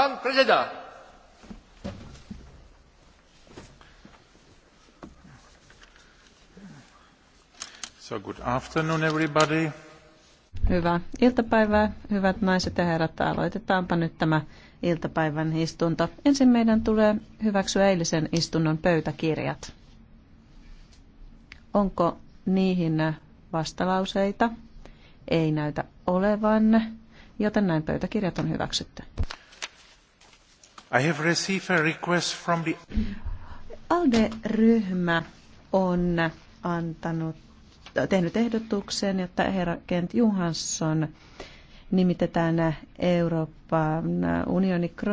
Pan prezydent. So good afternoon everybody. Hyvää iltapäivää, hyvät naiset ja herrat. Aloitetaanpa nyt tämä iltapäivän istunto. Ensin meidän tulee hyväksyä eilisen istunnon pöytäkirjat. Onko niihin vastalauseita? Ei näytä olevan, joten näin pöytäkirjat on hyväksytty. I have received a request from the... ALDE-ryhmä on antanut, tehnyt ehdotuksen, että herra Kent Johansson nimitetään Euroopan unionin Kroatian